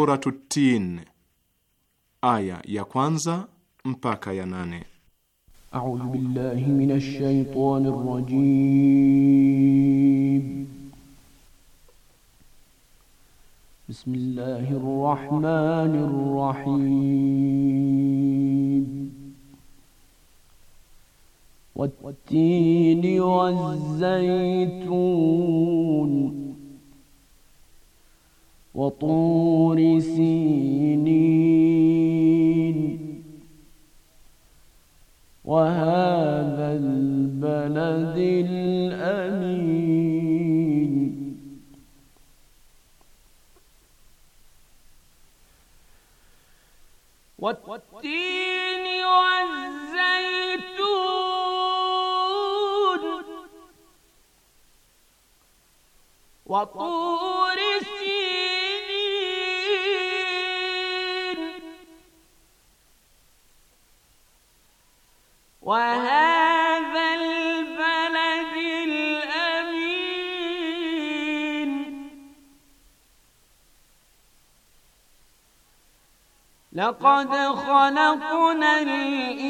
Suratu Tin, aya ya kwanza mpaka ya nane. A'udhu billahi minash shaitanir rajim. Bismillahir rahmanir rahim. والتين والزيتون وطور سين لقد خلقنا الإنسان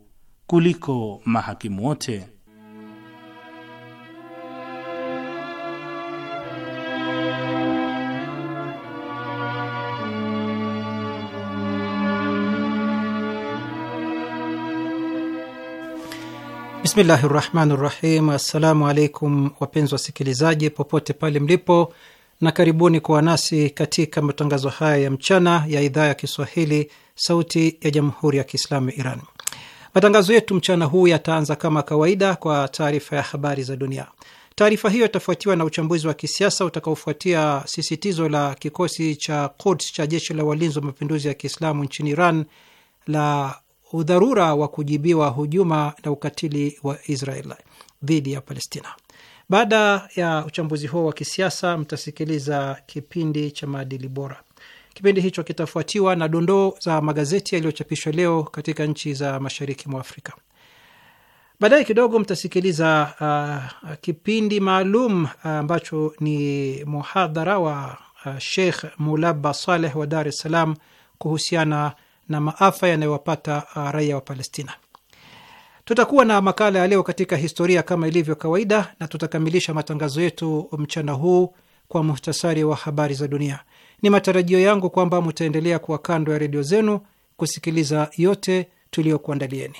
kuliko mahakimu wote. Bismillahi rahmani rahim. Assalamu alaikum wapenzi wasikilizaji popote pale mlipo, na karibuni kuwa nasi katika matangazo haya ya mchana ya idhaa ya Kiswahili, Sauti ya Jamhuri ya Kiislamu ya Iran. Matangazo yetu mchana huu yataanza kama kawaida kwa taarifa ya habari za dunia. Taarifa hiyo itafuatiwa na uchambuzi wa kisiasa utakaofuatia sisitizo la kikosi cha Quds cha jeshi la walinzi wa mapinduzi ya Kiislamu nchini Iran la udharura wa kujibiwa hujuma na ukatili wa Israel dhidi ya Palestina. Baada ya uchambuzi huo wa kisiasa, mtasikiliza kipindi cha maadili bora. Kipindi hicho kitafuatiwa na dondoo za magazeti yaliyochapishwa leo katika nchi za mashariki mwa Afrika. Baadaye kidogo mtasikiliza uh, kipindi maalum uh, ambacho uh, ni muhadhara wa uh, Sheikh Mulaba Saleh wa Dar es Salaam kuhusiana na maafa yanayowapata uh, raia wa Palestina. Tutakuwa na makala ya leo katika historia kama ilivyo kawaida, na tutakamilisha matangazo yetu mchana huu kwa muhtasari wa habari za dunia. Ni matarajio yangu kwamba mutaendelea kuwa kando ya redio zenu kusikiliza yote tuliyokuandalieni.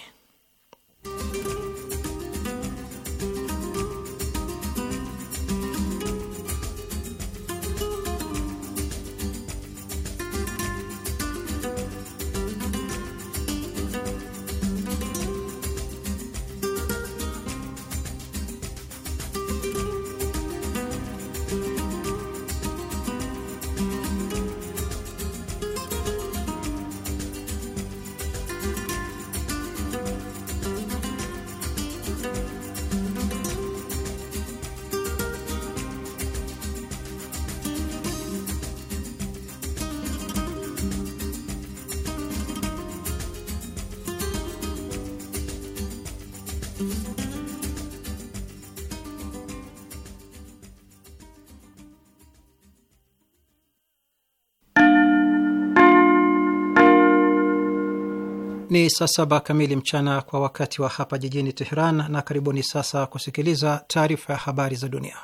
saa saba kamili mchana kwa wakati wa hapa jijini Teheran, na karibuni sasa kusikiliza taarifa ya habari za dunia.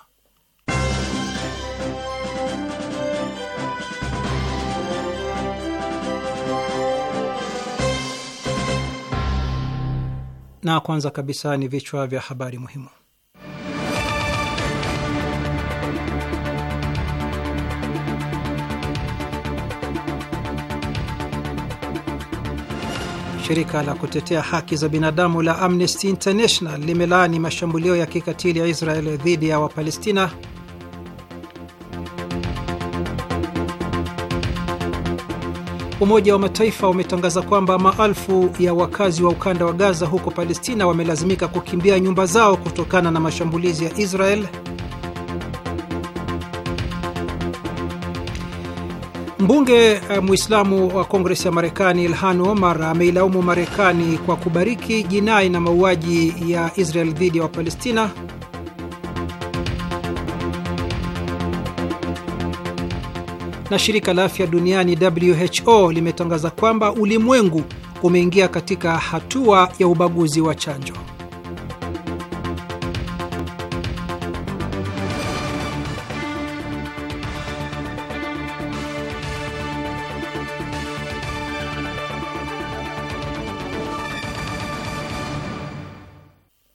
Na kwanza kabisa ni vichwa vya habari muhimu. Shirika la kutetea haki za binadamu la Amnesty International limelaani mashambulio ya kikatili ya Israel dhidi ya Wapalestina. Umoja wa Mataifa umetangaza kwamba maelfu ya wakazi wa ukanda wa Gaza huko Palestina wamelazimika kukimbia nyumba zao kutokana na mashambulizi ya Israel. Mbunge eh, Mwislamu wa kongres ya Marekani Ilhan Omar ameilaumu Marekani kwa kubariki jinai na mauaji ya Israel dhidi ya wa Wapalestina. Na shirika la afya duniani WHO limetangaza kwamba ulimwengu umeingia katika hatua ya ubaguzi wa chanjo.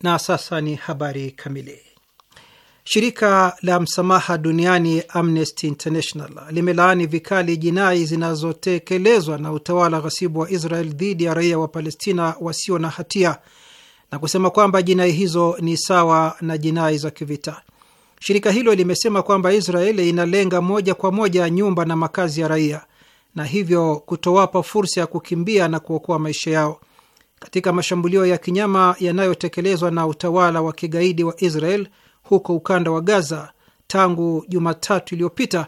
Na sasa ni habari kamili. Shirika la msamaha duniani Amnesty International limelaani vikali jinai zinazotekelezwa na utawala ghasibu wa Israel dhidi ya raia wa Palestina wasio na hatia na kusema kwamba jinai hizo ni sawa na jinai za kivita. Shirika hilo limesema kwamba Israel inalenga moja kwa moja nyumba na makazi ya raia na hivyo kutowapa fursa ya kukimbia na kuokoa maisha yao katika mashambulio ya kinyama yanayotekelezwa na utawala wa kigaidi wa Israel huko ukanda wa Gaza tangu Jumatatu iliyopita.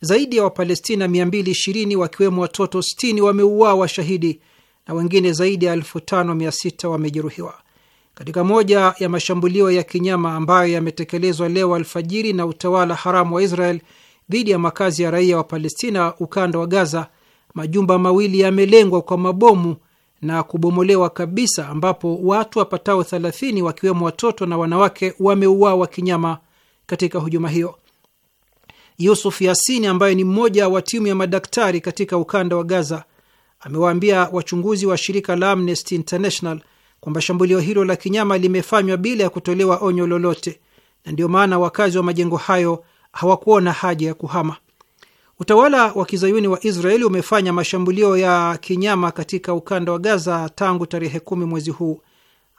Zaidi ya Wapalestina 220 wakiwemo watoto 60 wameuawa shahidi na wengine zaidi ya 5600 wamejeruhiwa katika moja ya mashambulio ya kinyama ambayo yametekelezwa leo alfajiri na utawala haramu wa Israel dhidi ya makazi ya raia wa Palestina ukanda wa Gaza. Majumba mawili yamelengwa kwa mabomu na kubomolewa kabisa, ambapo watu wapatao 30 wakiwemo watoto na wanawake wameuawa kinyama katika hujuma hiyo. Yusuf Yasini ambaye ni mmoja wa timu ya madaktari katika ukanda wa Gaza amewaambia wachunguzi wa shirika la Amnesty International kwamba shambulio hilo la kinyama limefanywa bila ya kutolewa onyo lolote, na ndio maana wakazi wa majengo hayo hawakuona haja ya kuhama. Utawala wa kizayuni wa Israeli umefanya mashambulio ya kinyama katika ukanda wa Gaza tangu tarehe kumi mwezi huu,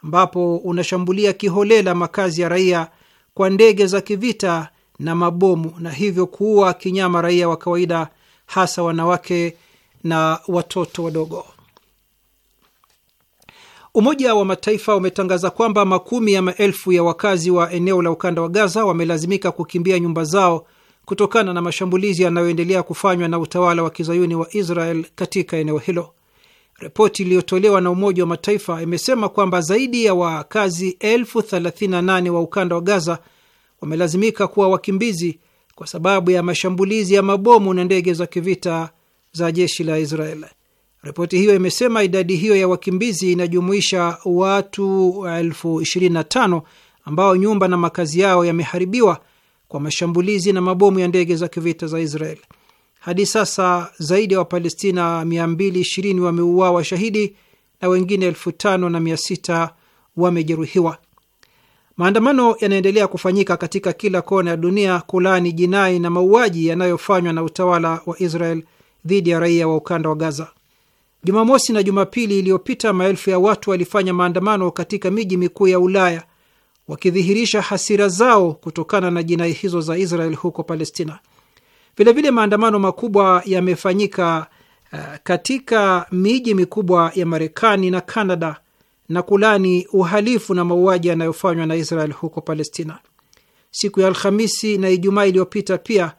ambapo unashambulia kiholela makazi ya raia kwa ndege za kivita na mabomu na hivyo kuua kinyama raia wa kawaida, hasa wanawake na watoto wadogo. Umoja wa Mataifa umetangaza kwamba makumi ya maelfu ya wakazi wa eneo la ukanda wa Gaza wamelazimika kukimbia nyumba zao kutokana na mashambulizi yanayoendelea kufanywa na utawala wa kizayuni wa Israel katika eneo hilo. Ripoti iliyotolewa na Umoja wa Mataifa imesema kwamba zaidi ya wakazi elfu 38 wa ukanda wa Gaza wamelazimika kuwa wakimbizi kwa sababu ya mashambulizi ya mabomu na ndege za kivita za jeshi la Israel. Ripoti hiyo imesema idadi hiyo ya wakimbizi inajumuisha watu elfu 25 ambao nyumba na makazi yao yameharibiwa kwa mashambulizi na mabomu ya ndege za kivita za Israel. Hadi sasa zaidi ya wa Wapalestina 220 wameuawa shahidi na wengine elfu wamejeruhiwa. Maandamano yanaendelea kufanyika katika kila kona ya dunia kulaani jinai na mauaji yanayofanywa na utawala wa Israel dhidi ya raia wa ukanda wa Gaza. Jumamosi na Jumapili iliyopita maelfu ya watu walifanya maandamano katika miji mikuu ya Ulaya wakidhihirisha hasira zao kutokana na jinai hizo za Israel huko Palestina. Vilevile maandamano makubwa yamefanyika uh, katika miji mikubwa ya Marekani na Kanada na kulani uhalifu na mauaji yanayofanywa na Israel huko Palestina. Siku ya Alhamisi na Ijumaa iliyopita pia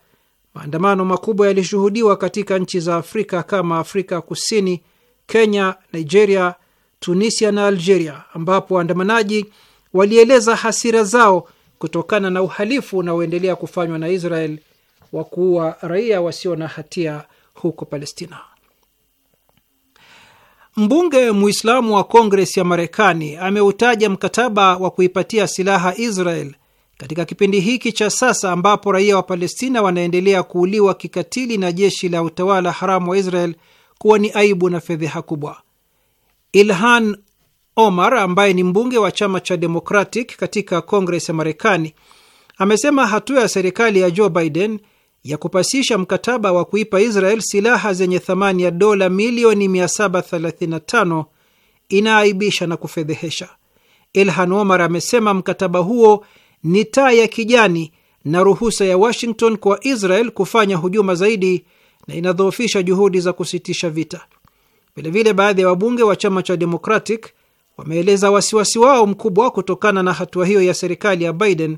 maandamano makubwa yalishuhudiwa katika nchi za Afrika kama Afrika Kusini, Kenya, Nigeria, Tunisia na Algeria, ambapo waandamanaji walieleza hasira zao kutokana na uhalifu unaoendelea kufanywa na Israel wa kuua raia wasio na hatia huko Palestina. Mbunge Muislamu wa Kongres ya Marekani ameutaja mkataba wa kuipatia silaha Israel katika kipindi hiki cha sasa ambapo raia wa Palestina wanaendelea kuuliwa kikatili na jeshi la utawala haramu wa Israel kuwa ni aibu na fedheha kubwa. Ilhan Omar ambaye ni mbunge wa chama cha Democratic katika Kongres ya Marekani amesema hatua ya serikali ya Joe Biden ya kupasisha mkataba wa kuipa Israel silaha zenye thamani ya dola milioni 735 inaaibisha na kufedhehesha. Ilhan Omar amesema mkataba huo ni taa ya kijani na ruhusa ya Washington kwa Israel kufanya hujuma zaidi na inadhoofisha juhudi za kusitisha vita. Vilevile, baadhi ya wabunge wa chama cha Democratic wameeleza wasiwasi wao mkubwa kutokana na hatua hiyo ya serikali ya Biden,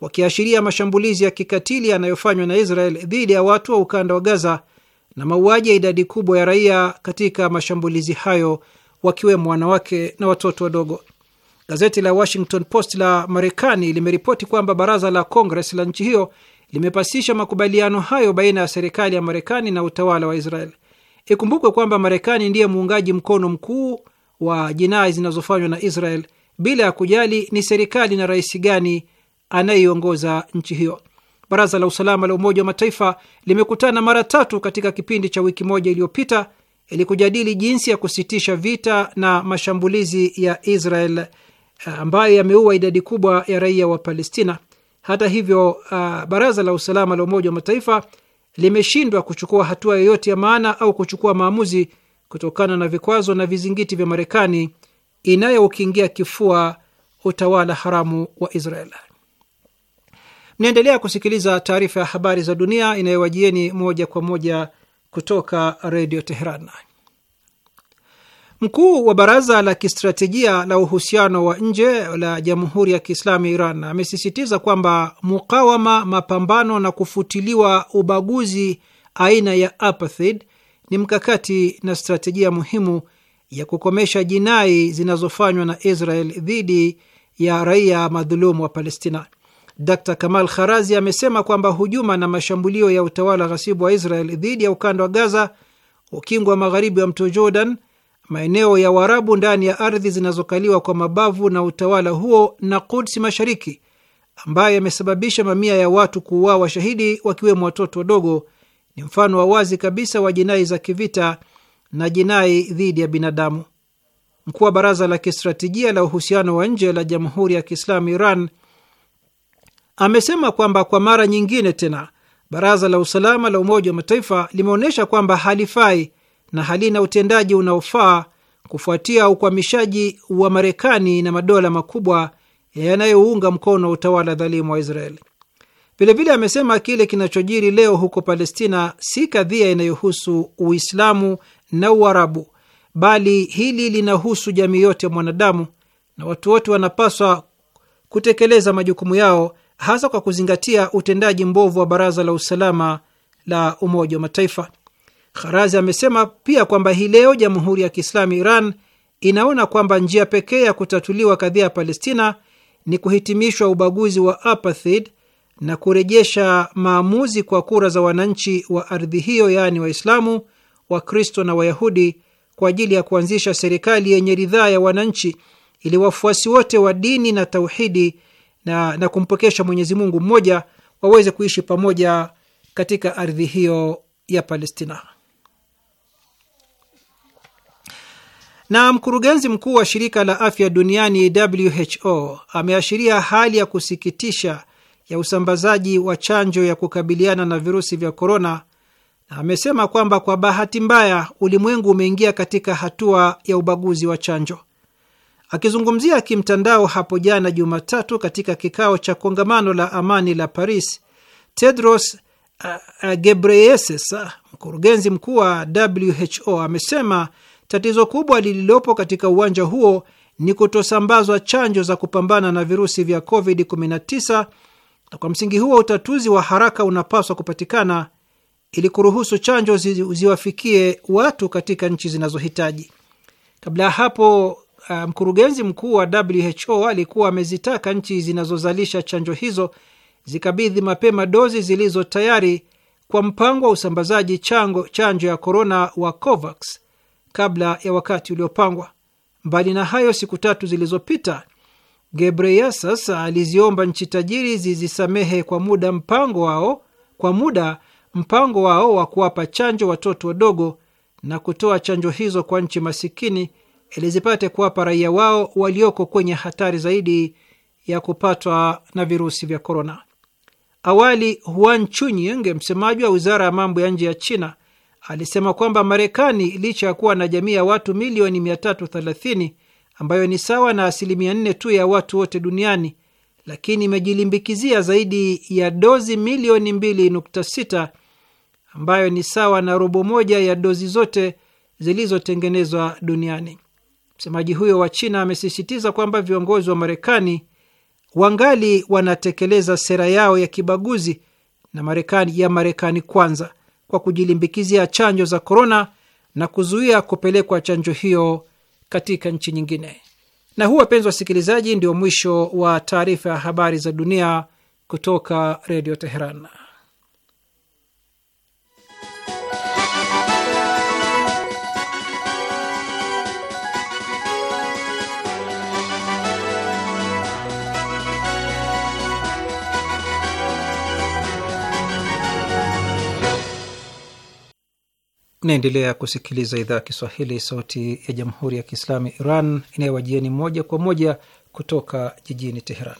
wakiashiria mashambulizi ya kikatili yanayofanywa na Israel dhidi ya watu wa ukanda wa Gaza na mauaji ya idadi kubwa ya raia katika mashambulizi hayo, wakiwemo wanawake na watoto wadogo. Gazeti la Washington Post la Marekani limeripoti kwamba baraza la Kongres la nchi hiyo limepasisha makubaliano hayo baina ya serikali ya Marekani na utawala wa Israel. Ikumbukwe kwamba Marekani ndiye muungaji mkono mkuu wa jinai zinazofanywa na Israel bila ya kujali ni serikali na rais gani anayeiongoza nchi hiyo. Baraza la usalama la Umoja wa Mataifa limekutana mara tatu katika kipindi cha wiki moja iliyopita ili kujadili jinsi ya kusitisha vita na mashambulizi ya Israel eh, ambayo yameua idadi kubwa ya raia wa Palestina. Hata hivyo, uh, baraza la usalama la Umoja wa Mataifa limeshindwa kuchukua hatua yoyote ya maana au kuchukua maamuzi kutokana na vikwazo na vizingiti vya Marekani inayoukingia kifua utawala haramu wa Israel. Mnaendelea kusikiliza taarifa ya habari za dunia inayowajieni moja kwa moja kutoka Redio Teheran. Mkuu wa baraza la kistratejia la uhusiano wa nje la Jamhuri ya Kiislamu Iran amesisitiza kwamba mukawama, mapambano na kufutiliwa ubaguzi aina ya apartheid ni mkakati na strategia muhimu ya kukomesha jinai zinazofanywa na Israel dhidi ya raia madhulumu wa Palestina. Dr Kamal Kharazi amesema kwamba hujuma na mashambulio ya utawala ghasibu wa Israel dhidi ya ukanda wa Gaza, ukingo wa magharibi wa mto Jordan, maeneo ya Waarabu ndani ya ardhi zinazokaliwa kwa mabavu na utawala huo na Kudsi Mashariki, ambayo yamesababisha mamia ya watu kuuawa shahidi, wakiwemo watoto wadogo, ni mfano wa wazi kabisa wa jinai za kivita na jinai dhidi ya binadamu. Mkuu wa baraza la kistratejia la uhusiano wa nje la Jamhuri ya Kiislamu Iran amesema kwamba kwa mara nyingine tena baraza la usalama la Umoja wa Mataifa limeonyesha kwamba halifai na halina utendaji unaofaa kufuatia ukwamishaji wa Marekani na madola makubwa yanayounga mkono utawala dhalimu wa Israeli. Vilevile amesema kile kinachojiri leo huko Palestina si kadhia inayohusu Uislamu na Uarabu, bali hili linahusu jamii yote ya mwanadamu na watu wote wanapaswa kutekeleza majukumu yao, hasa kwa kuzingatia utendaji mbovu wa Baraza la Usalama la Umoja wa Mataifa. Kharazi amesema pia kwamba hii leo Jamhuri ya Kiislamu Iran inaona kwamba njia pekee ya kutatuliwa kadhia ya Palestina ni kuhitimishwa ubaguzi wa apartheid na kurejesha maamuzi kwa kura za wananchi wa ardhi hiyo, yaani Waislamu, Wakristo na Wayahudi, kwa ajili ya kuanzisha serikali yenye ridhaa ya wananchi ili wafuasi wote wa dini na tauhidi na, na kumpokesha Mwenyezi Mungu mmoja waweze kuishi pamoja katika ardhi hiyo ya Palestina. Na mkurugenzi mkuu wa shirika la afya duniani WHO ameashiria hali ya kusikitisha ya usambazaji wa chanjo ya kukabiliana na virusi vya korona, na amesema kwamba kwa bahati mbaya ulimwengu umeingia katika hatua ya ubaguzi wa chanjo. Akizungumzia kimtandao hapo jana Jumatatu katika kikao cha kongamano la amani la Paris, Tedros uh, uh mkurugenzi mkuu wa WHO, amesema tatizo kubwa lililopo katika uwanja huo ni kutosambazwa chanjo za kupambana na virusi vya COVID-19 na kwa msingi huo utatuzi wa haraka unapaswa kupatikana ili kuruhusu chanjo ziwafikie watu katika nchi zinazohitaji. Kabla ya hapo, uh, mkurugenzi um, mkuu wa WHO alikuwa amezitaka nchi zinazozalisha chanjo hizo zikabidhi mapema dozi zilizo tayari kwa mpango wa usambazaji chango, chanjo ya korona wa COVAX kabla ya wakati uliopangwa. Mbali na hayo, siku tatu zilizopita Gebreyesus aliziomba nchi tajiri zizisamehe kwa muda mpango wao kwa muda mpango wao wa kuwapa chanjo watoto wadogo na kutoa chanjo hizo kwa nchi masikini ili zipate kuwapa raia wao walioko kwenye hatari zaidi ya kupatwa na virusi vya korona. Awali Huan Chunying, msemaji wa wizara ya mambo ya nje ya China, alisema kwamba Marekani licha ya kuwa na jamii ya watu milioni 330 ambayo ni sawa na asilimia nne tu ya watu wote duniani, lakini imejilimbikizia zaidi ya dozi milioni 2.6 ambayo ni sawa na robo moja ya dozi zote zilizotengenezwa duniani. Msemaji huyo wa China amesisitiza kwamba viongozi wa Marekani wangali wanatekeleza sera yao ya kibaguzi na Marekani ya Marekani kwanza kwa kujilimbikizia chanjo za korona na kuzuia kupelekwa chanjo hiyo katika nchi nyingine. Na huu, wapenzi wasikilizaji, ndio mwisho wa taarifa ya habari za dunia kutoka Redio Teheran. Mnaendelea kusikiliza idhaa ya Kiswahili, sauti ya jamhuri ya kiislamu Iran inayowajieni moja kwa moja kutoka jijini Teheran.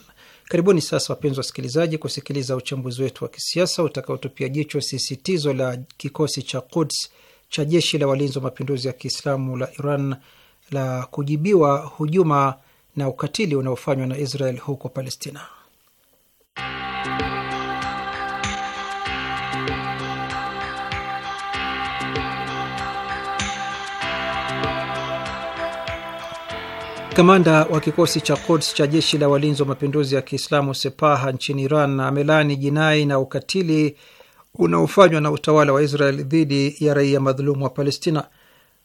Karibuni sasa, wapenzi wasikilizaji, kusikiliza uchambuzi wetu wa kisiasa utakaotupia jicho sisitizo la kikosi cha Quds cha jeshi la walinzi wa mapinduzi ya Kiislamu la Iran la kujibiwa hujuma na ukatili unaofanywa na Israel huko Palestina. Kamanda wa kikosi cha Quds cha jeshi la walinzi wa mapinduzi ya Kiislamu Sepaha nchini Iran amelaani jinai na ukatili unaofanywa na utawala wa Israel dhidi ya raia madhulumu wa Palestina.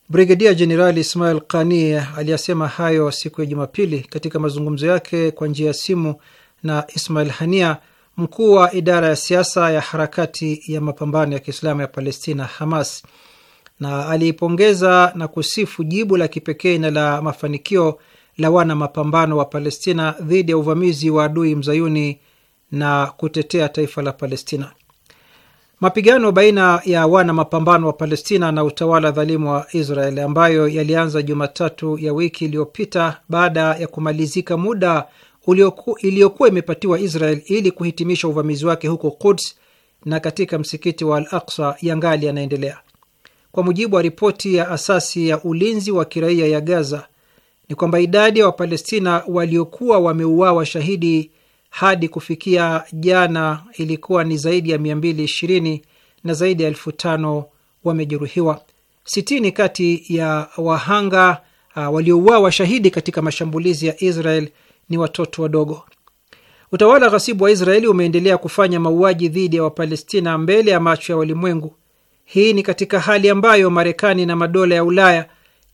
Brigedia Jenerali Ismail Qani aliyasema hayo siku ya Jumapili katika mazungumzo yake kwa njia ya simu na Ismail Hania, mkuu wa idara ya siasa ya harakati ya mapambano ya Kiislamu ya Palestina, Hamas, na aliipongeza na kusifu jibu la kipekee na la mafanikio la wana mapambano wa Palestina dhidi ya uvamizi wa adui mzayuni na kutetea taifa la Palestina. Mapigano baina ya wana mapambano wa Palestina na utawala dhalimu wa Israel ambayo yalianza Jumatatu ya wiki iliyopita baada ya kumalizika muda iliyokuwa imepatiwa Israel ili kuhitimisha uvamizi wake huko Quds na katika msikiti wa Al Aksa yangali yanaendelea. Kwa mujibu wa ripoti ya asasi ya ulinzi wa kiraia ya Gaza, ni kwamba idadi ya wa Wapalestina waliokuwa wameuawa shahidi hadi kufikia jana ilikuwa ni zaidi ya 220 na zaidi ya elfu tano wamejeruhiwa. Sitini kati ya wahanga uh, waliouawa shahidi katika mashambulizi ya Israel ni watoto wadogo. Utawala ghasibu wa Israeli umeendelea kufanya mauaji dhidi ya Wapalestina mbele ya macho ya walimwengu. Hii ni katika hali ambayo Marekani na madola ya Ulaya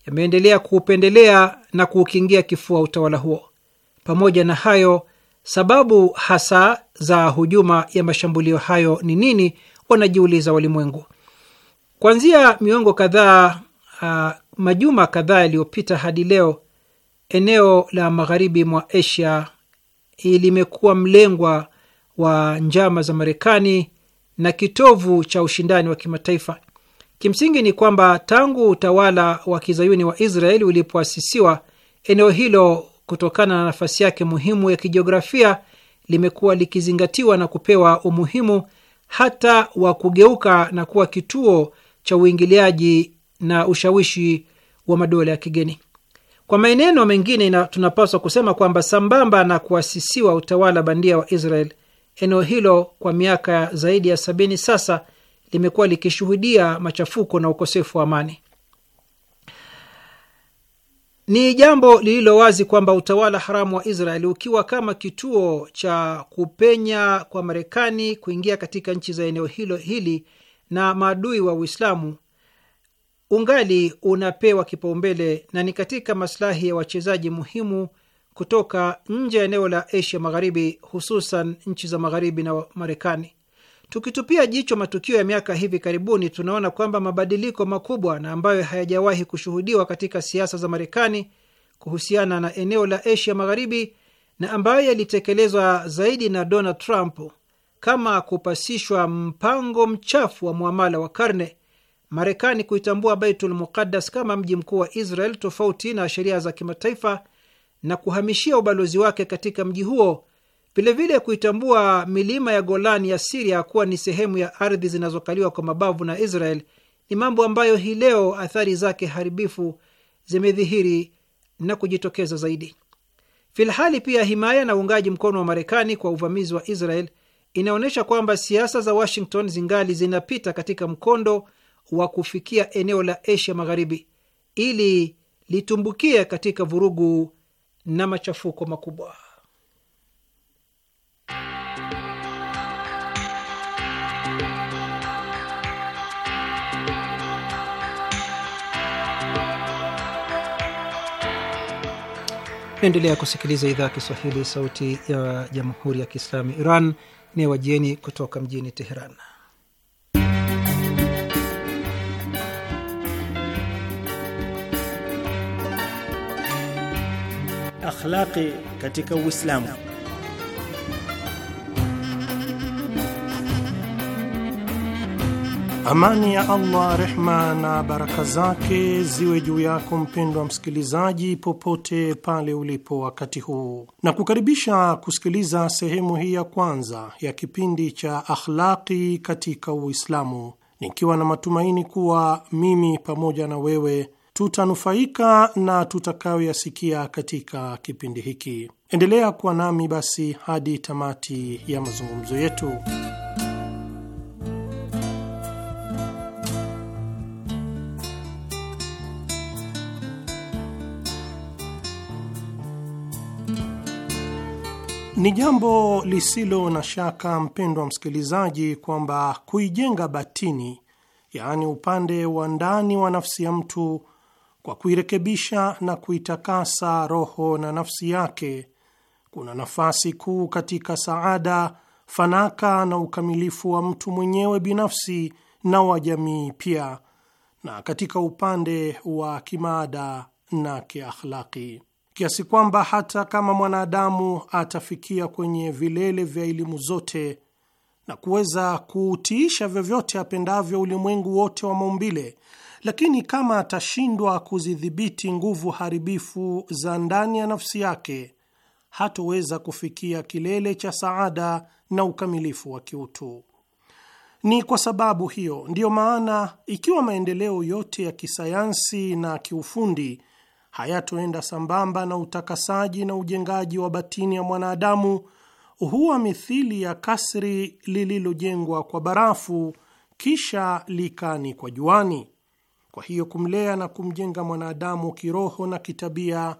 yameendelea kuupendelea na kuukingia kifua utawala huo. Pamoja na hayo, sababu hasa za hujuma ya mashambulio hayo ni nini, wanajiuliza walimwengu. Kuanzia miongo kadhaa uh, majuma kadhaa yaliyopita hadi leo, eneo la magharibi mwa Asia limekuwa mlengwa wa njama za Marekani na kitovu cha ushindani wa kimataifa Kimsingi ni kwamba tangu utawala wa kizayuni wa Israeli ulipoasisiwa, eneo hilo kutokana na nafasi yake muhimu ya kijiografia limekuwa likizingatiwa na kupewa umuhimu hata wa kugeuka na kuwa kituo cha uingiliaji na ushawishi wa madola ya kigeni. Kwa maneno mengine, tunapaswa kusema kwamba sambamba na kuasisiwa utawala bandia wa Israel, eneo hilo kwa miaka zaidi ya sabini sasa limekuwa likishuhudia machafuko na ukosefu wa amani. Ni jambo lililo wazi kwamba utawala haramu wa israel ukiwa kama kituo cha kupenya kwa Marekani kuingia katika nchi za eneo hilo hili na maadui wa Uislamu ungali unapewa kipaumbele na ni katika maslahi ya wachezaji muhimu kutoka nje ya eneo la Asia Magharibi, hususan nchi za Magharibi na Marekani. Tukitupia jicho matukio ya miaka hivi karibuni, tunaona kwamba mabadiliko makubwa na ambayo hayajawahi kushuhudiwa katika siasa za Marekani kuhusiana na eneo la Asia Magharibi na ambayo yalitekelezwa zaidi na Donald Trump kama kupasishwa mpango mchafu wa muamala wa karne, Marekani kuitambua Baitul Muqaddas kama mji mkuu wa Israel tofauti na sheria za kimataifa na kuhamishia ubalozi wake katika mji huo Vilevile kuitambua milima ya Golani ya Siria kuwa ni sehemu ya ardhi zinazokaliwa kwa mabavu na Israel ni mambo ambayo hii leo athari zake haribifu zimedhihiri na kujitokeza zaidi. Filhali pia himaya na uungaji mkono wa Marekani kwa uvamizi wa Israel inaonyesha kwamba siasa za Washington zingali zinapita katika mkondo wa kufikia eneo la Asia Magharibi ili litumbukie katika vurugu na machafuko makubwa. Naendelea kusikiliza idhaa ya Kiswahili, sauti ya jamhuri ya kiislamu Iran inayowajieni kutoka mjini Teheran. Akhlaqi katika Uislamu. Amani ya Allah, rehma na baraka zake ziwe juu yako mpendwa msikilizaji, popote pale ulipo wakati huu, na kukaribisha kusikiliza sehemu hii ya kwanza ya kipindi cha Akhlaqi katika Uislamu, nikiwa na matumaini kuwa mimi pamoja na wewe tutanufaika na tutakayoyasikia katika kipindi hiki. Endelea kuwa nami basi hadi tamati ya mazungumzo yetu. Ni jambo lisilo na shaka, mpendwa msikilizaji, kwamba kuijenga batini, yaani upande wa ndani wa nafsi ya mtu, kwa kuirekebisha na kuitakasa roho na nafsi yake, kuna nafasi kuu katika saada, fanaka na ukamilifu wa mtu mwenyewe binafsi na wa jamii pia, na katika upande wa kimaada na kiakhlaki kiasi kwamba hata kama mwanadamu atafikia kwenye vilele vya elimu zote na kuweza kuutiisha vyovyote apendavyo ulimwengu wote wa maumbile, lakini kama atashindwa kuzidhibiti nguvu haribifu za ndani ya nafsi yake, hatoweza kufikia kilele cha saada na ukamilifu wa kiutu. Ni kwa sababu hiyo ndiyo maana, ikiwa maendeleo yote ya kisayansi na kiufundi hayatoenda sambamba na utakasaji na ujengaji wa batini ya mwanadamu, huwa mithili ya kasri lililojengwa kwa barafu kisha likani kwa juani. Kwa hiyo kumlea na kumjenga mwanadamu kiroho na kitabia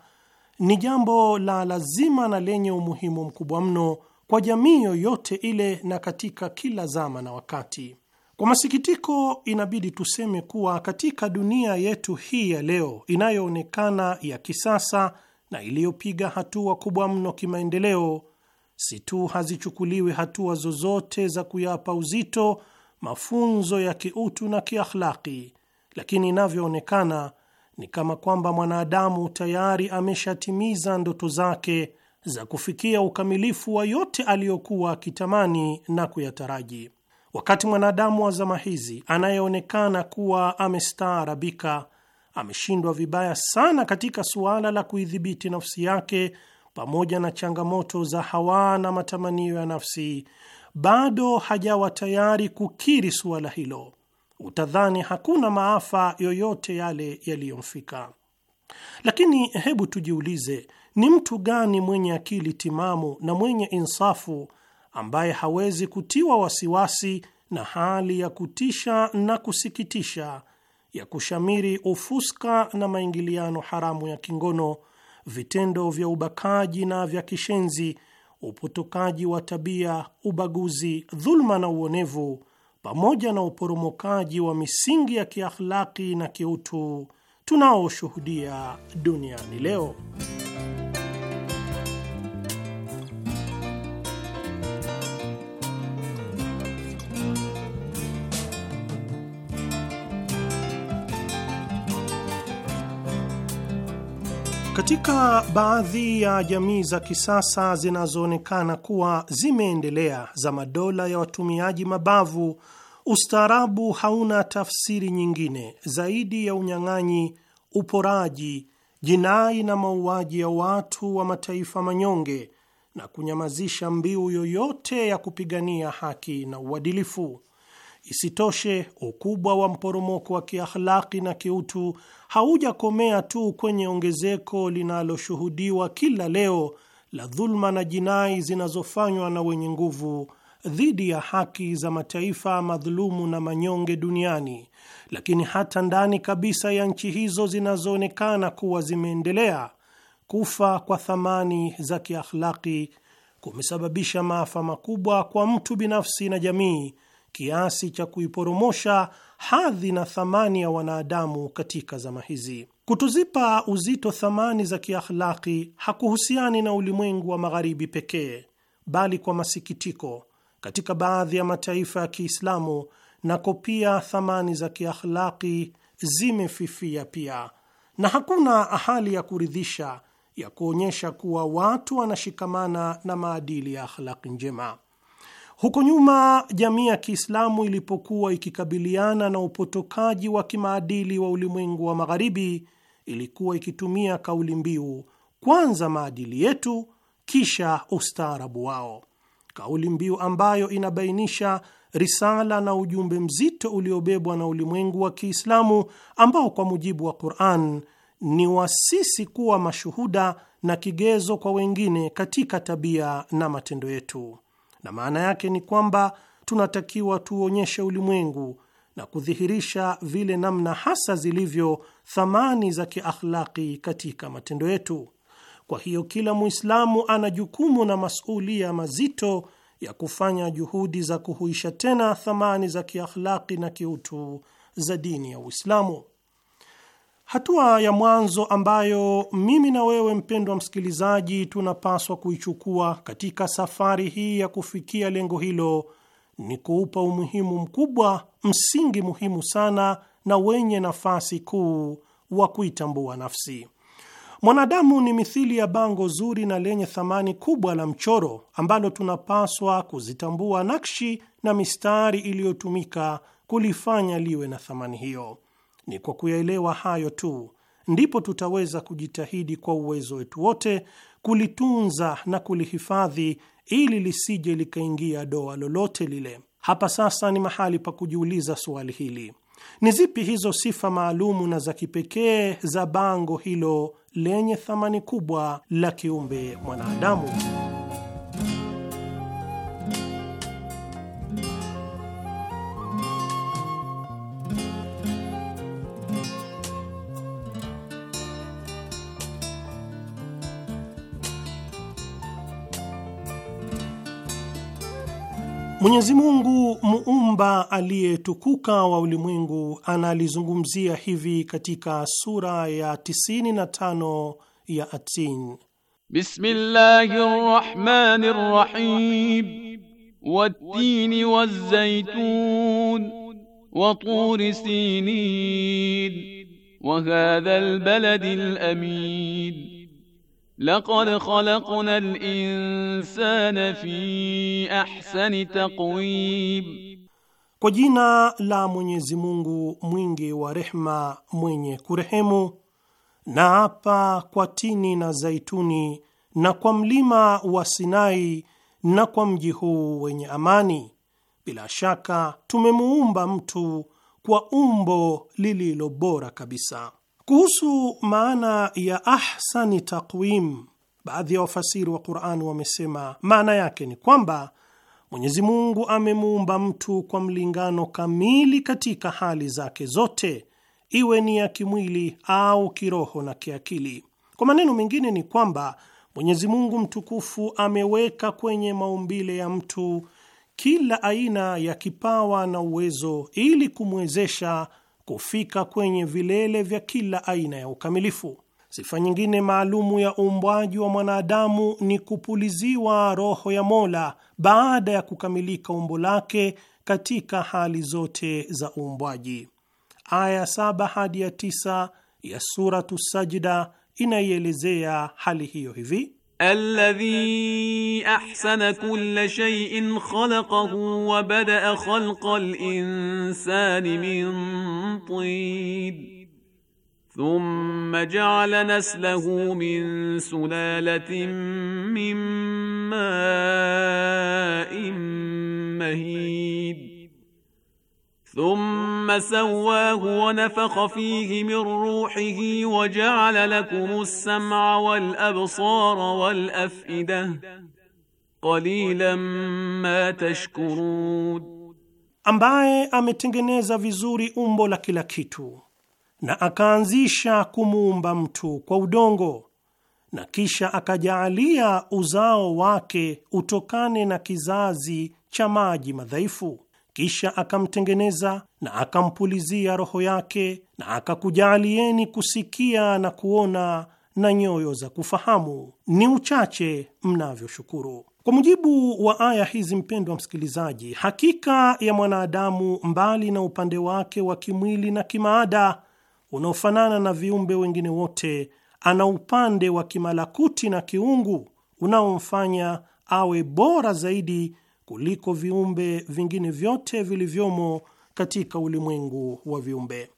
ni jambo la lazima na lenye umuhimu mkubwa mno kwa jamii yoyote ile na katika kila zama na wakati. Kwa masikitiko, inabidi tuseme kuwa katika dunia yetu hii ya leo inayoonekana ya kisasa na iliyopiga hatua kubwa mno kimaendeleo, si tu hazichukuliwi hatua zozote za kuyapa uzito mafunzo ya kiutu na kiakhlaki, lakini inavyoonekana ni kama kwamba mwanadamu tayari ameshatimiza ndoto zake za kufikia ukamilifu wa yote aliyokuwa akitamani na kuyataraji. Wakati mwanadamu wa zama hizi anayeonekana kuwa amestaarabika ameshindwa vibaya sana katika suala la kuidhibiti nafsi yake, pamoja na changamoto za hawa na matamanio ya nafsi, bado hajawa tayari kukiri suala hilo, utadhani hakuna maafa yoyote yale yaliyomfika. Lakini hebu tujiulize, ni mtu gani mwenye akili timamu na mwenye insafu ambaye hawezi kutiwa wasiwasi na hali ya kutisha na kusikitisha ya kushamiri ufuska na maingiliano haramu ya kingono, vitendo vya ubakaji na vya kishenzi, upotokaji wa tabia, ubaguzi, dhuluma na uonevu, pamoja na uporomokaji wa misingi ya kiakhlaki na kiutu tunaoshuhudia duniani leo. Katika baadhi ya jamii za kisasa zinazoonekana kuwa zimeendelea za madola ya watumiaji mabavu, ustaarabu hauna tafsiri nyingine zaidi ya unyang'anyi, uporaji, jinai na mauaji ya watu wa mataifa manyonge na kunyamazisha mbiu yoyote ya kupigania haki na uadilifu. Isitoshe, ukubwa wa mporomoko wa kiakhlaki na kiutu haujakomea tu kwenye ongezeko linaloshuhudiwa kila leo la dhuluma na jinai zinazofanywa na wenye nguvu dhidi ya haki za mataifa madhulumu na manyonge duniani, lakini hata ndani kabisa ya nchi hizo zinazoonekana kuwa zimeendelea, kufa kwa thamani za kiakhlaki kumesababisha maafa makubwa kwa mtu binafsi na jamii kiasi cha kuiporomosha hadhi na thamani ya wanadamu katika zama hizi. Kutuzipa uzito thamani za kiakhlaki hakuhusiani na ulimwengu wa magharibi pekee, bali kwa masikitiko, katika baadhi ya mataifa ya Kiislamu nako pia thamani za kiakhlaki zimefifia pia, na hakuna hali ya kuridhisha ya kuonyesha kuwa watu wanashikamana na maadili ya akhlaki njema. Huko nyuma jamii ya Kiislamu ilipokuwa ikikabiliana na upotokaji wa kimaadili wa ulimwengu wa Magharibi, ilikuwa ikitumia kauli mbiu kwanza maadili yetu, kisha ustaarabu wao, kauli mbiu ambayo inabainisha risala na ujumbe mzito uliobebwa na ulimwengu wa Kiislamu ambao kwa mujibu wa Quran ni wasisi kuwa mashuhuda na kigezo kwa wengine katika tabia na matendo yetu na maana yake ni kwamba tunatakiwa tuonyeshe ulimwengu na kudhihirisha vile namna hasa zilivyo thamani za kiakhlaki katika matendo yetu. Kwa hiyo kila Muislamu ana jukumu na masulia mazito ya kufanya juhudi za kuhuisha tena thamani za kiakhlaki na kiutu za dini ya Uislamu. Hatua ya mwanzo ambayo mimi na wewe mpendwa msikilizaji, tunapaswa kuichukua katika safari hii ya kufikia lengo hilo ni kuupa umuhimu mkubwa msingi muhimu sana na wenye nafasi kuu wa kuitambua nafsi. Mwanadamu ni mithili ya bango zuri na lenye thamani kubwa la mchoro ambalo tunapaswa kuzitambua nakshi na mistari iliyotumika kulifanya liwe na thamani hiyo. Ni kwa kuyaelewa hayo tu ndipo tutaweza kujitahidi kwa uwezo wetu wote kulitunza na kulihifadhi ili lisije likaingia doa lolote lile. Hapa sasa ni mahali pa kujiuliza suali hili: ni zipi hizo sifa maalumu na za kipekee za bango hilo lenye thamani kubwa la kiumbe mwanadamu? Mwenyezi Mungu muumba aliyetukuka wa ulimwengu analizungumzia hivi katika sura ya 95 ya Atin: Bismillahir Rahmanir Rahim wat-tini wa turi sinin wa hadha al-baladi al Laqad khalaqna al-insana fi ahsani taqwim, kwa jina la Mwenyezi Mungu mwingi wa rehma mwenye kurehemu. Na hapa kwa tini na zaituni na kwa mlima wa Sinai na kwa mji huu wenye amani, bila shaka tumemuumba mtu kwa umbo lililo bora kabisa. Kuhusu maana ya ahsani taqwim, baadhi ya wafasiri wa Qur'an wamesema maana yake ni kwamba Mwenyezi Mungu amemuumba mtu kwa mlingano kamili katika hali zake zote, iwe ni ya kimwili au kiroho na kiakili. Kwa maneno mengine ni kwamba Mwenyezi Mungu mtukufu ameweka kwenye maumbile ya mtu kila aina ya kipawa na uwezo ili kumwezesha kufika kwenye vilele vya kila aina ya ukamilifu. Sifa nyingine maalumu ya uumbwaji wa mwanadamu ni kupuliziwa roho ya Mola baada ya kukamilika umbo lake katika hali zote za uumbwaji. Aya 7 hadi ya tisa ya Suratu Sajida inaielezea hali hiyo hivi: الذي احسن كل شيء خلقه وبدا خلق الانسان من طين ثم جعل نسله من سلاله من ماء مهين Thumma sawahu wa nafakha fihi min ruhihi wa ja'ala lakum as-sam'a wal absara wal af'ida qalilan ma tashkurun, ambaye ametengeneza vizuri umbo la kila kitu na akaanzisha kumuumba mtu kwa udongo na kisha akajaalia uzao wake utokane na kizazi cha maji madhaifu kisha akamtengeneza na akampulizia roho yake na akakujalieni kusikia na kuona na nyoyo za kufahamu, ni uchache mnavyoshukuru. Kwa mujibu wa aya hizi, mpendwa msikilizaji, hakika ya mwanadamu mbali na upande wake wa kimwili na kimaada unaofanana na viumbe wengine wote, ana upande wa kimalakuti na kiungu unaomfanya awe bora zaidi kuliko viumbe vingine vyote vilivyomo katika ulimwengu wa viumbe.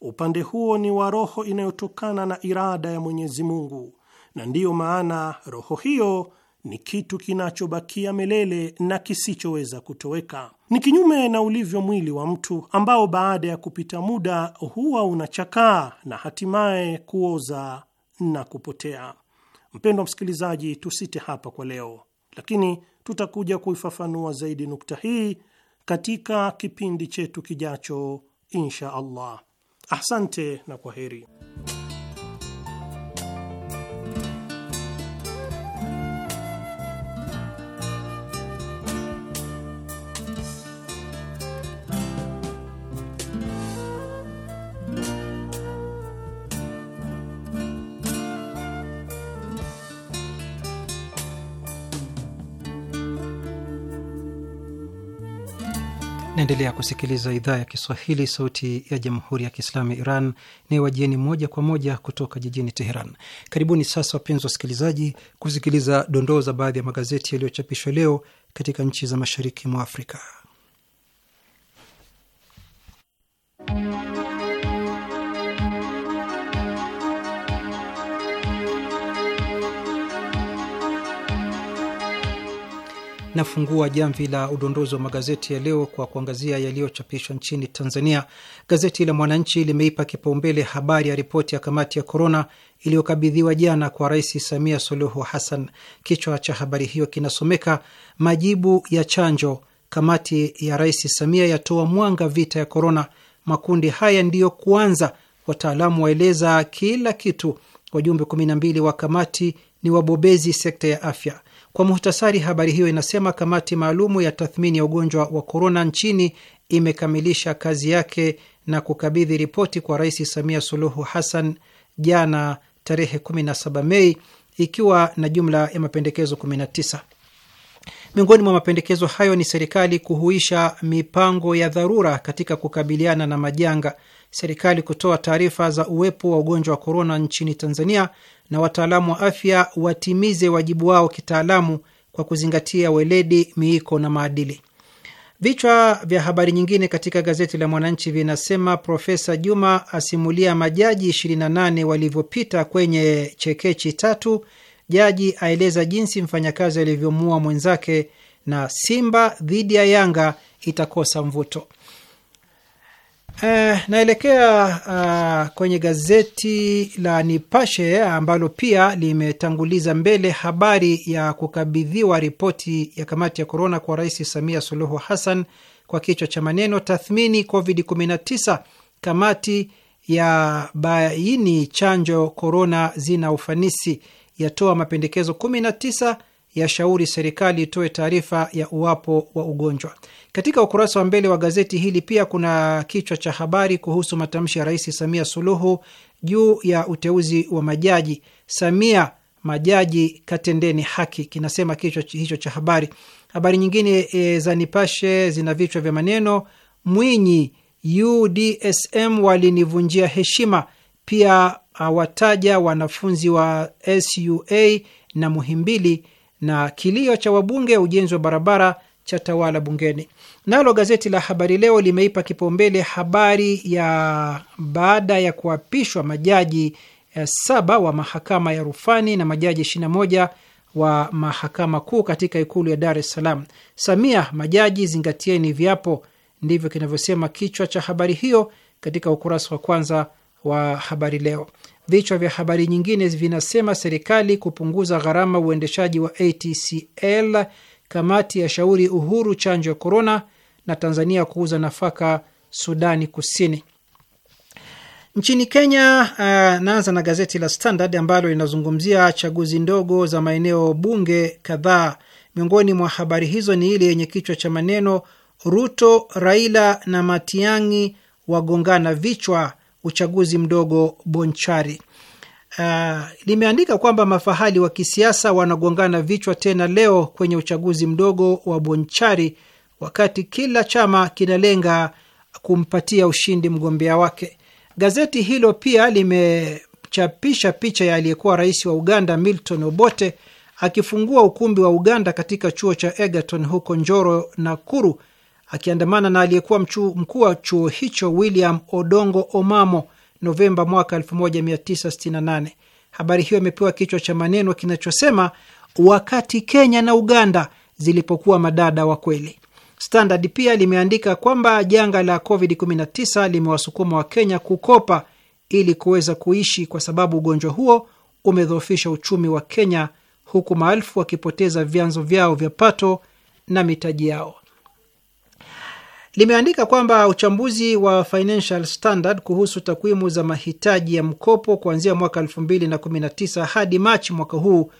Upande huo ni wa roho inayotokana na irada ya Mwenyezi Mungu, na ndiyo maana roho hiyo ni kitu kinachobakia milele na kisichoweza kutoweka. Ni kinyume na ulivyo mwili wa mtu ambao baada ya kupita muda huwa unachakaa na hatimaye kuoza na kupotea. Mpendwa msikilizaji, tusite hapa kwa leo, lakini Tutakuja kuifafanua zaidi nukta hii katika kipindi chetu kijacho, insha Allah. Asante na kwa heri. Mnaendelea kusikiliza idhaa ya Kiswahili, sauti ya jamhuri ya kiislamu ya Iran ni wajieni moja kwa moja kutoka jijini Teheran. Karibuni sasa, wapenzi wasikilizaji, kusikiliza dondoo za baadhi ya magazeti yaliyochapishwa leo katika nchi za mashariki mwa Afrika. Nafungua jamvi la udondozi wa magazeti ya leo kwa kuangazia yaliyochapishwa nchini Tanzania. Gazeti la Mwananchi limeipa kipaumbele habari ya ripoti ya kamati ya korona iliyokabidhiwa jana kwa Rais Samia Suluhu Hassan. Kichwa cha habari hiyo kinasomeka majibu ya chanjo, kamati ya Rais Samia yatoa mwanga vita ya korona, makundi haya ndiyo kuanza, wataalamu waeleza kila kitu, wajumbe 12 wa kamati ni wabobezi sekta ya afya kwa muhtasari, habari hiyo inasema kamati maalumu ya tathmini ya ugonjwa wa korona nchini imekamilisha kazi yake na kukabidhi ripoti kwa Rais Samia Suluhu Hassan jana tarehe 17 Mei ikiwa na jumla ya mapendekezo 19. Miongoni mwa mapendekezo hayo ni serikali kuhuisha mipango ya dharura katika kukabiliana na majanga, serikali kutoa taarifa za uwepo wa ugonjwa wa korona nchini Tanzania, na wataalamu wa afya watimize wajibu wao kitaalamu kwa kuzingatia weledi, miiko na maadili. Vichwa vya habari nyingine katika gazeti la Mwananchi vinasema Profesa Juma asimulia majaji 28 walivyopita kwenye chekechi tatu Jaji aeleza jinsi mfanyakazi alivyomuua mwenzake, na Simba dhidi ya Yanga itakosa mvuto. Eh, naelekea uh, kwenye gazeti la Nipashe ambalo pia limetanguliza mbele habari ya kukabidhiwa ripoti ya kamati ya korona kwa Rais Samia Suluhu Hassan kwa kichwa cha maneno tathmini COVID-19, kamati ya baini chanjo korona zina ufanisi yatoa mapendekezo 19 ya shauri serikali itoe taarifa ya uwapo wa ugonjwa. Katika ukurasa wa mbele wa gazeti hili pia kuna kichwa cha habari kuhusu matamshi ya Rais Samia Suluhu juu ya uteuzi wa majaji. Samia, majaji katendeni haki, kinasema kichwa hicho cha habari. Habari nyingine e, za Nipashe zina vichwa vya maneno Mwinyi, UDSM walinivunjia heshima, pia awataja wanafunzi wa SUA na Muhimbili na kilio cha wabunge wa ujenzi wa barabara cha tawala bungeni. Nalo gazeti la Habari Leo limeipa kipaumbele habari ya baada ya kuapishwa majaji eh, saba wa mahakama ya rufani na majaji 21 wa mahakama kuu katika ikulu ya Dar es Salaam. Samia, majaji zingatieni viapo, ndivyo kinavyosema kichwa cha habari hiyo katika ukurasa wa kwanza wa Habari Leo. Vichwa vya habari nyingine vinasema: serikali kupunguza gharama uendeshaji wa ATCL, kamati ya shauri Uhuru chanjo ya korona, na Tanzania kuuza nafaka Sudani Kusini. Nchini Kenya, uh, naanza na gazeti la Standard ambalo linazungumzia chaguzi ndogo za maeneo bunge kadhaa. Miongoni mwa habari hizo ni ile yenye kichwa cha maneno Ruto, Raila na Matiang'i wagongana vichwa, uchaguzi mdogo Bonchari. Uh, limeandika kwamba mafahali wa kisiasa wanagongana vichwa tena leo kwenye uchaguzi mdogo wa Bonchari, wakati kila chama kinalenga kumpatia ushindi mgombea wake. Gazeti hilo pia limechapisha picha ya aliyekuwa rais wa Uganda Milton Obote akifungua ukumbi wa Uganda katika chuo cha Egerton huko Njoro, Nakuru, akiandamana na aliyekuwa mkuu wa chuo hicho William Odongo Omamo Novemba mwaka 1968. Habari hiyo imepewa kichwa cha maneno kinachosema wakati Kenya na Uganda zilipokuwa madada wa kweli. Standard pia limeandika kwamba janga la COVID-19 limewasukuma Wakenya kukopa ili kuweza kuishi kwa sababu ugonjwa huo umedhoofisha uchumi wa Kenya huku maelfu wakipoteza vyanzo vyao vya pato na mitaji yao limeandika kwamba uchambuzi wa Financial Standard kuhusu takwimu za mahitaji ya mkopo kuanzia mwaka 2019 hadi Machi mwaka huu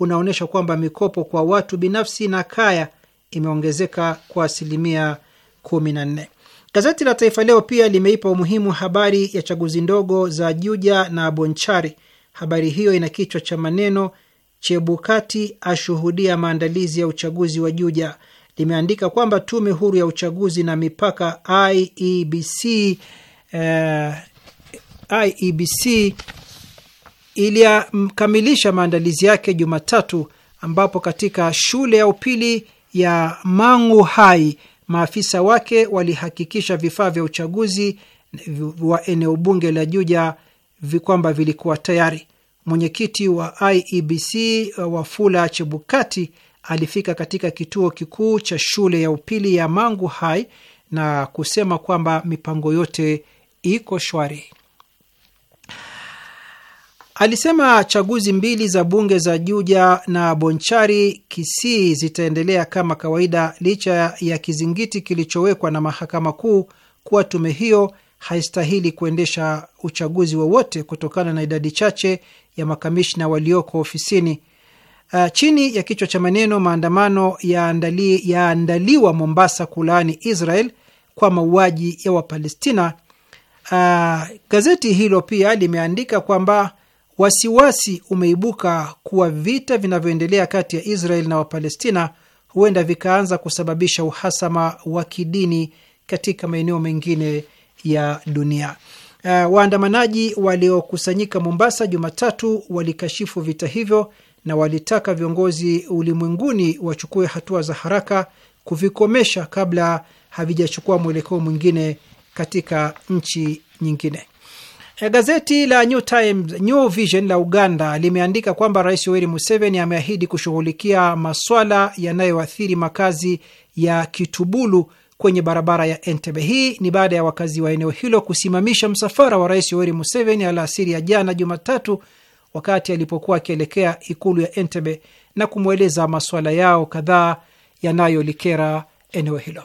unaonyesha kwamba mikopo kwa watu binafsi na kaya imeongezeka kwa asilimia 14. Gazeti la Taifa Leo pia limeipa umuhimu habari ya chaguzi ndogo za Juja na Bonchari. Habari hiyo ina kichwa cha maneno Chebukati ashuhudia maandalizi ya uchaguzi wa Juja limeandika kwamba tume huru ya uchaguzi na mipaka IEBC, eh, IEBC maandalizi yake Jumatatu, ambapo katika shule ya upili ya Mangu Hai maafisa wake walihakikisha vifaa vya uchaguzi wa eneo bunge la Juja kwamba vilikuwa tayari. Mwenyekiti wa IEBC eh, Wafula Chebukati alifika katika kituo kikuu cha shule ya upili ya Mangu Hai na kusema kwamba mipango yote iko shwari. Alisema chaguzi mbili za bunge za Juja na Bonchari Kisii zitaendelea kama kawaida licha ya kizingiti kilichowekwa na mahakama kuu kuwa tume hiyo haistahili kuendesha uchaguzi wowote kutokana na idadi chache ya makamishna walioko ofisini Uh, chini ya kichwa cha maneno maandamano andali, yaandaliwa Mombasa kulaani Israel kwa mauaji ya Wapalestina. Uh, gazeti hilo pia limeandika kwamba wasiwasi umeibuka kuwa vita vinavyoendelea kati ya Israel na Wapalestina huenda vikaanza kusababisha uhasama wa kidini katika maeneo mengine ya dunia. Uh, waandamanaji waliokusanyika Mombasa Jumatatu walikashifu vita hivyo na walitaka viongozi ulimwenguni wachukue hatua za haraka kuvikomesha kabla havijachukua mwelekeo mwingine katika nchi nyingine. Eh, gazeti la New Times, New Vision la Uganda limeandika kwamba Rais Yoweri Museveni ameahidi kushughulikia maswala yanayoathiri makazi ya Kitubulu kwenye barabara ya Entebbe. Hii ni baada ya wakazi wa eneo hilo kusimamisha msafara wa Rais Yoweri Museveni alasiri ya jana Jumatatu wakati alipokuwa akielekea ikulu ya Entebbe na kumweleza masuala yao kadhaa yanayolikera eneo hilo.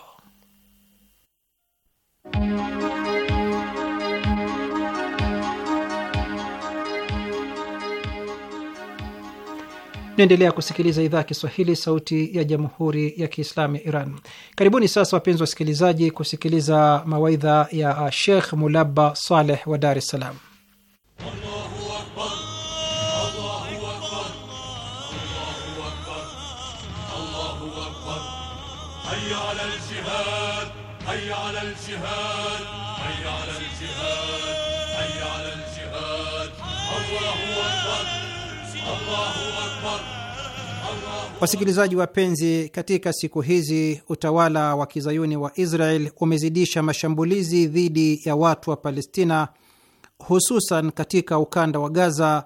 Naendelea kusikiliza idhaa ya Kiswahili, sauti ya jamhuri ya kiislamu ya Iran. Karibuni sasa, wapenzi wasikilizaji, kusikiliza mawaidha ya Shekh Mulaba Saleh wa Dar es Salaam. Wasikilizaji wapenzi, katika siku hizi utawala wa kizayuni wa Israel umezidisha mashambulizi dhidi ya watu wa Palestina, hususan katika ukanda wa Gaza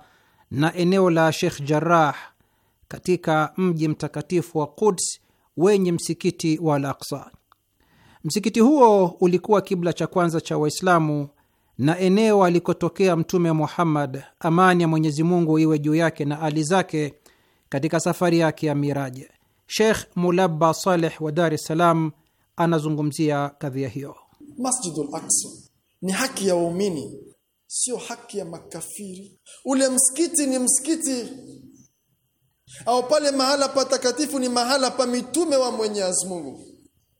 na eneo la Sheikh Jarrah katika mji mtakatifu wa Quds wenye msikiti wa Al Aksa. Msikiti huo ulikuwa kibla cha kwanza cha Waislamu na eneo alikotokea Mtume Muhammad, amani ya Mwenyezi Mungu iwe juu yake na ali zake katika safari yake ya Miraj. Sheikh Mulaba Saleh wa Dar es Salaam anazungumzia kadhia hiyo. Masjidul Aqsa ni haki ya waumini, sio haki ya makafiri. Ule msikiti ni msikiti au pale mahala patakatifu ni mahala pa mitume wa Mwenyezi Mungu,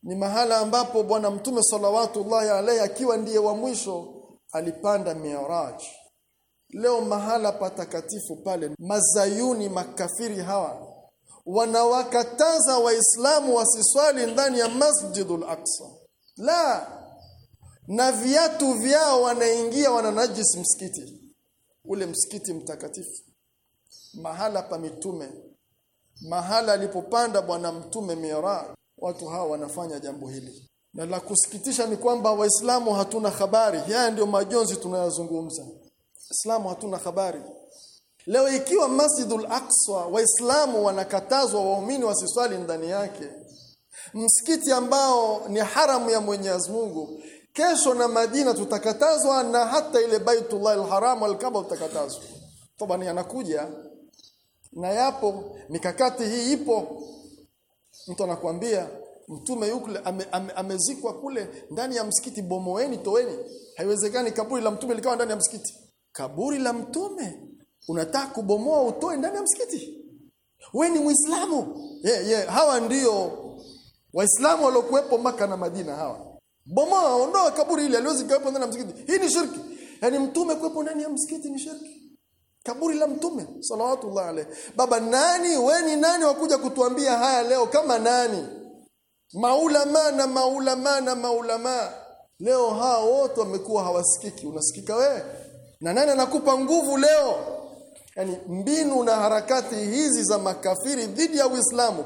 ni mahala ambapo Bwana Mtume salawatullahi alaihi akiwa ndiye wa mwisho alipanda Mi'raj Leo mahala patakatifu pale mazayuni makafiri hawa wanawakataza waislamu wasiswali ndani ya Masjidul Aqsa. La, na viatu vyao wanaingia wananajis msikiti ule msikiti mtakatifu mahala pa mitume mahala alipopanda bwana mtume Miraj watu hawa wanafanya jambo hili na la kusikitisha ni kwamba waislamu hatuna habari haya ndio majonzi tunayozungumza Islamu hatuna habari. Leo ikiwa Masjidul Aqsa waislamu wanakatazwa waumini wasiswali ndani yake. Msikiti ambao ni haramu ya Mwenyezi Mungu, kesho na Madina tutakatazwa na hata ile Baitullah al-Haram al-Kaaba tutakatazwa. Toba ni anakuja na yapo mikakati hii ipo. Mtu anakuambia mtume yule ame, ame, amezikwa kule ndani ya msikiti bomoeni toweni. Haiwezekani kaburi la mtume likawa ndani ya msikiti kaburi la mtume unataka kubomoa utoe ndani ya msikiti wewe ni muislamu yeah, yeah. hawa ndio waislamu waliokuwepo maka na madina hawa bomoa ondoa kaburi ile aliozi aliozikawepo ndani ya msikiti hii ni shirki yani mtume kuwepo ndani ya msikiti ni shirki kaburi la mtume salawatullah alayhi baba nani wewe ni nani wakuja kutuambia haya leo kama nani maulama na maulama na maulama leo hao wote wamekuwa hawasikiki unasikika wewe na nani anakupa nguvu leo yani mbinu na harakati hizi za makafiri dhidi ya Uislamu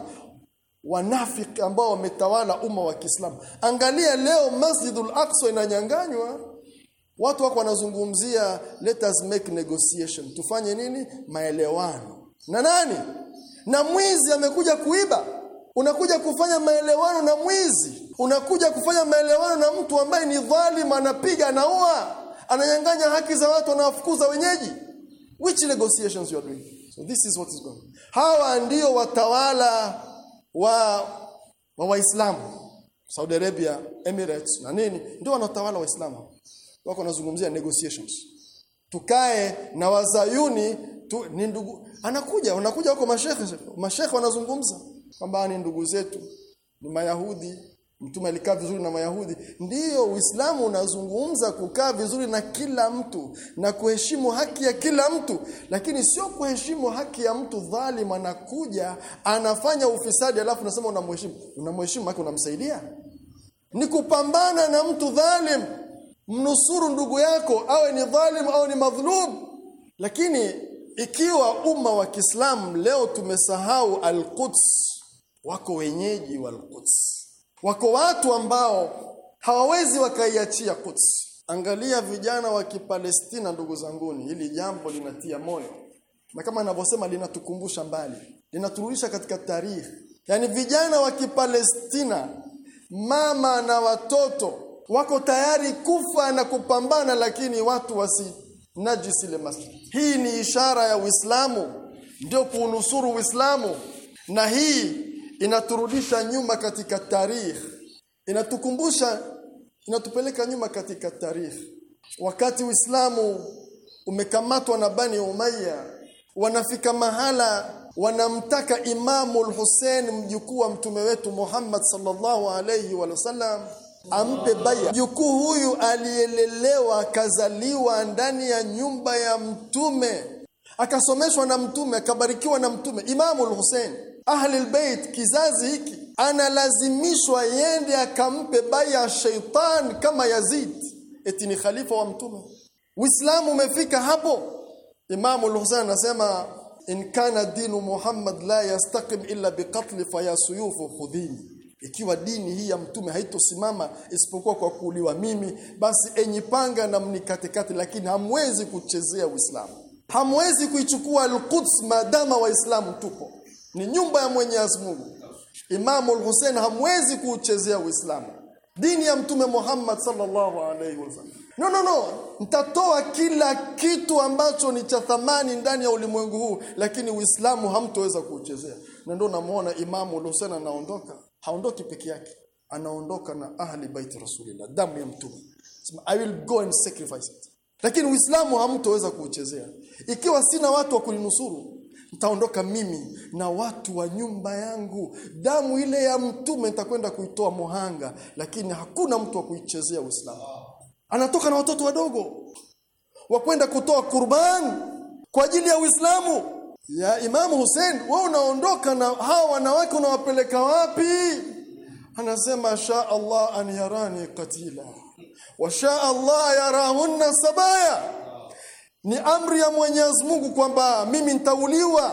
wanafiki ambao wametawala umma wa Kiislamu angalia leo Masjidul Aqsa inanyanganywa watu wako wanazungumzia let us make negotiation tufanye nini maelewano na nani na mwizi amekuja kuiba unakuja kufanya maelewano na mwizi unakuja kufanya maelewano na mtu ambaye ni dhalimu anapiga anaua ananyang'anya haki za watu anawafukuza wenyeji which negotiations you are doing so this is what is going on. hawa ndio watawala wa wa waislamu Saudi Arabia Emirates na nini ndio wanatawala waislamu wako wanazungumzia negotiations tukae na wazayuni tu, ni ndugu anakuja wanakuja huko mashekhe mashekhe wanazungumza kwamba ni ndugu zetu ni mayahudi Mtume alikaa vizuri na Wayahudi. Ndiyo, Uislamu unazungumza kukaa vizuri na kila mtu na kuheshimu haki ya kila mtu, lakini sio kuheshimu haki ya mtu dhalimu. Anakuja anafanya ufisadi, alafu unasema unamheshimu. Unamheshimu ake unamsaidia? Ni kupambana na mtu dhalim Mnusuru ndugu yako, awe ni dhalimu au ni madhlum Lakini ikiwa umma wa Kiislamu leo tumesahau Al-Quds, wako wenyeji wa Al-Quds Wako watu ambao hawawezi wakaiachia Quds. Angalia vijana wa Kipalestina ndugu zanguni, hili jambo linatia moyo. Na kama anavyosema linatukumbusha mbali, linaturudisha katika tarehe. Yaani vijana wa Kipalestina, mama na watoto wako tayari kufa na kupambana, lakini watu wasi najisi ile masjid. Hii ni ishara ya Uislamu, ndio kuunusuru Uislamu, na hii inaturudisha nyuma katika tarikhi inatukumbusha inatupeleka nyuma katika tarikhi wakati Uislamu umekamatwa na Bani Umayya wanafika mahala wanamtaka Imamul Hussein mjukuu wa mtume wetu Muhammad sallallahu alayhi sallam ampe baya. Mjukuu huyu aliyelelewa akazaliwa ndani ya nyumba ya mtume akasomeshwa na mtume akabarikiwa na mtume Imamul Hussein ahli bait kizazi hiki analazimishwa yende akampe ya sheitan kama Yazid eti ni khalifa wa mtume Uislamu umefika hapo Imam al-Husayn anasema in kana dinu Muhammad la yastaqim illa biqatl fa ya suyufu khudhini ikiwa dini hii ya mtume haitosimama isipokuwa kwa kuuliwa mimi basi enyi panga na mnikatekate lakini hamwezi kuchezea Uislamu hamwezi kuichukua al-Quds madama waislamu tupo ni nyumba ya Mwenyezi Mungu. al Hussein hamwezi kuuchezea Uislamu, dini ya Mtume Muhammad sallallahu alaihi wasallam. No, no, no, mtatoa kila kitu ambacho ni cha thamani ndani ya ulimwengu huu, lakini Uislamu hamtoweza kuuchezea. Na ndio namuona al Hussein anaondoka, haondoki peke yake, anaondoka na ahli baiti Rasulillah, damu ya Mtume. I will go and sacrifice it. Lakini Uislamu hamtoweza kuuchezea ikiwa sina watu wa kulinusuru nitaondoka mimi na watu wa nyumba yangu damu ile ya mtume nitakwenda kuitoa mohanga lakini hakuna mtu wa kuichezea uislamu anatoka na watoto wadogo wa kwenda kutoa kurban kwa ajili ya uislamu ya imamu Hussein wewe unaondoka na hawa wanawake unawapeleka wapi anasema sha Allah an yarani katila wa sha Allah yarahunna sabaya ni amri ya Mwenyezi Mungu kwamba mimi nitauliwa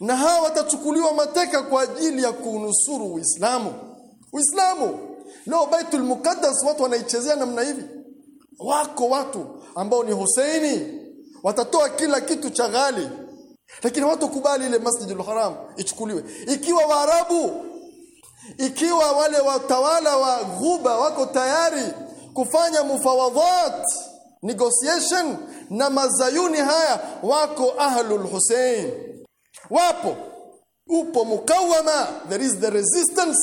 na hawa watachukuliwa mateka kwa ajili ya kunusuru Uislamu. Uislamu leo Baitul Muqaddas watu wanaichezea namna hivi. Wako watu ambao ni Huseini watatoa kila kitu cha ghali, lakini watu kubali ile Masjidul Haram ichukuliwe. Ikiwa Waarabu, ikiwa wale watawala wa Ghuba wako tayari kufanya mufawadhat negotiation na mazayuni haya wako ahlul Hussein, wapo upo mukawama, there is the resistance.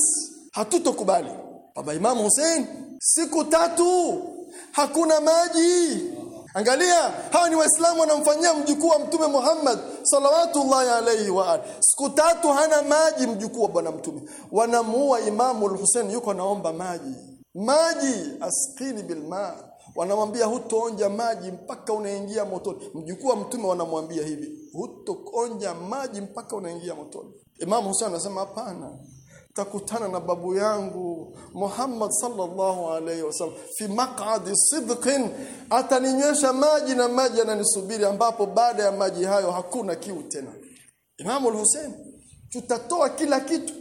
Hatutokubali baba Imam Hussein siku tatu hakuna maji. Angalia, hawa ni Waislamu wanamfanyia mjukuu wa Mtume Muhammad salawatullahi alayhi wa ali. Siku tatu hana maji, mjukuu wa bwana Mtume. Wanamuua Imamu Lhusein yuko anaomba maji, maji, asqini bilma wanamwambia hutoonja maji mpaka unaingia motoni. Mjukuu wa mtume wanamwambia hivi, hutoonja maji mpaka unaingia motoni. Imam Hussein anasema hapana, takutana na babu yangu Muhammad sallallahu alaihi wasallam fi maq'adi sidqin, ataninywesha maji na maji ananisubiri, ambapo baada ya maji hayo hakuna kiu tena. Imamul Hussein, tutatoa kila kitu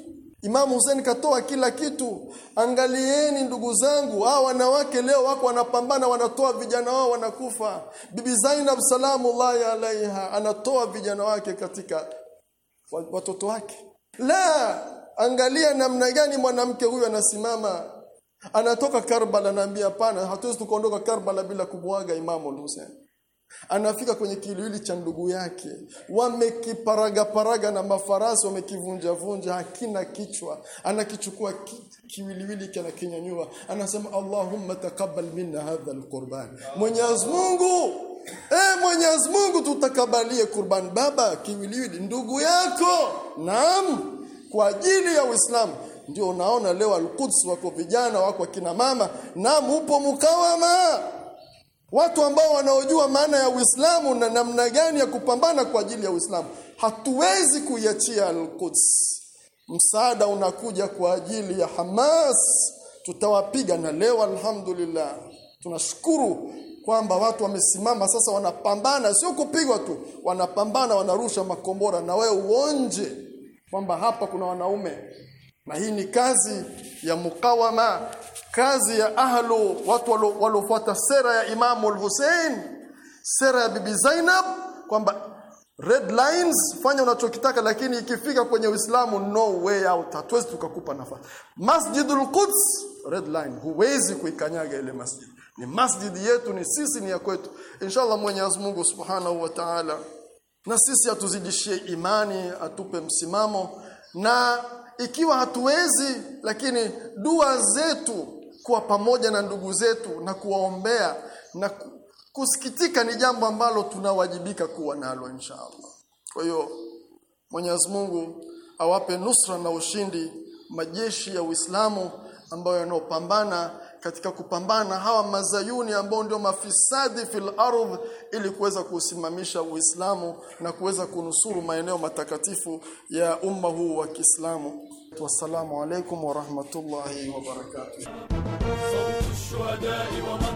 Imam Hussein katoa kila kitu. Angalieni ndugu zangu, hawa wanawake leo wako wanapambana, wanatoa vijana wao wanakufa. Bibi Zainab salamullahi alaiha anatoa vijana wake katika watoto wake. La, angalia namna gani mwanamke huyu anasimama. Anatoka Karbala, anaambia hapana, hatuwezi tukaondoka Karbala bila kumwaga Imam Hussein anafika kwenye kiliwili cha ndugu yake wamekiparagaparaga na mafarasi wamekivunjavunja hakina kichwa anakichukua ki, kiwiliwili kinakinyanyua anasema Allahumma taqabbal minna hadha alqurban Mwenyezi Mungu eh Mwenyezi Mungu tutakabalie kurban baba kiwiliwili ndugu yako naam kwa ajili ya Uislamu ndio unaona leo alquds wako vijana wako akina mama naam upo mukawama watu ambao wanaojua maana ya Uislamu na namna gani ya kupambana kwa ajili ya Uislamu. Hatuwezi kuiachia Al-Quds. Msaada unakuja kwa ajili ya Hamas, tutawapiga na leo alhamdulillah, tunashukuru kwamba watu wamesimama sasa, wanapambana, sio kupigwa tu, wanapambana, wanarusha makombora, na wewe uonje kwamba hapa kuna wanaume, na hii ni kazi ya mukawama kazi ya ahlu watu waliofuata sera ya Imamu al-Hussein sera ya Bibi Zainab kwamba red lines fanya unachokitaka lakini ikifika kwenye Uislamu no way out hatuwezi tukakupa nafasi Masjidul Quds red line huwezi kuikanyaga ile masjid ni masjidi yetu ni sisi ni ya kwetu inshallah Mwenyezi Mungu Subhanahu wa Ta'ala na sisi atuzidishie imani atupe msimamo na ikiwa hatuwezi lakini dua zetu kuwa pamoja na ndugu zetu na kuwaombea na kusikitika ni jambo ambalo tunawajibika kuwa nalo insha Allah. Kwa hiyo Mwenyezi Mungu awape nusra na ushindi majeshi ya Uislamu ambayo yanopambana katika kupambana hawa mazayuni ambao ndio mafisadi fil ardh ili kuweza kusimamisha Uislamu na kuweza kunusuru maeneo matakatifu ya umma huu wa Kiislamu wassalamu alaykum wa rahmatullahi صوت الشهداء ومن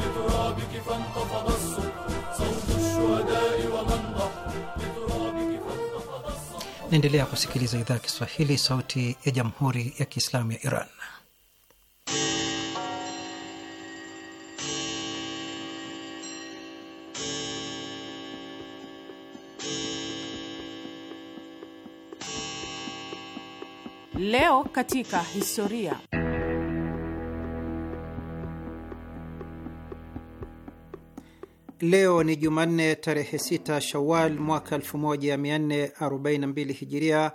لترابك فانتفض الصوت صوت الشهداء ومن Naendelea kusikiliza idhaa ya Kiswahili, sauti ya jamhuri ya kiislamu ya Iran. Leo katika historia. Leo ni Jumanne tarehe 6 Shawal mwaka 1442 Hijiria,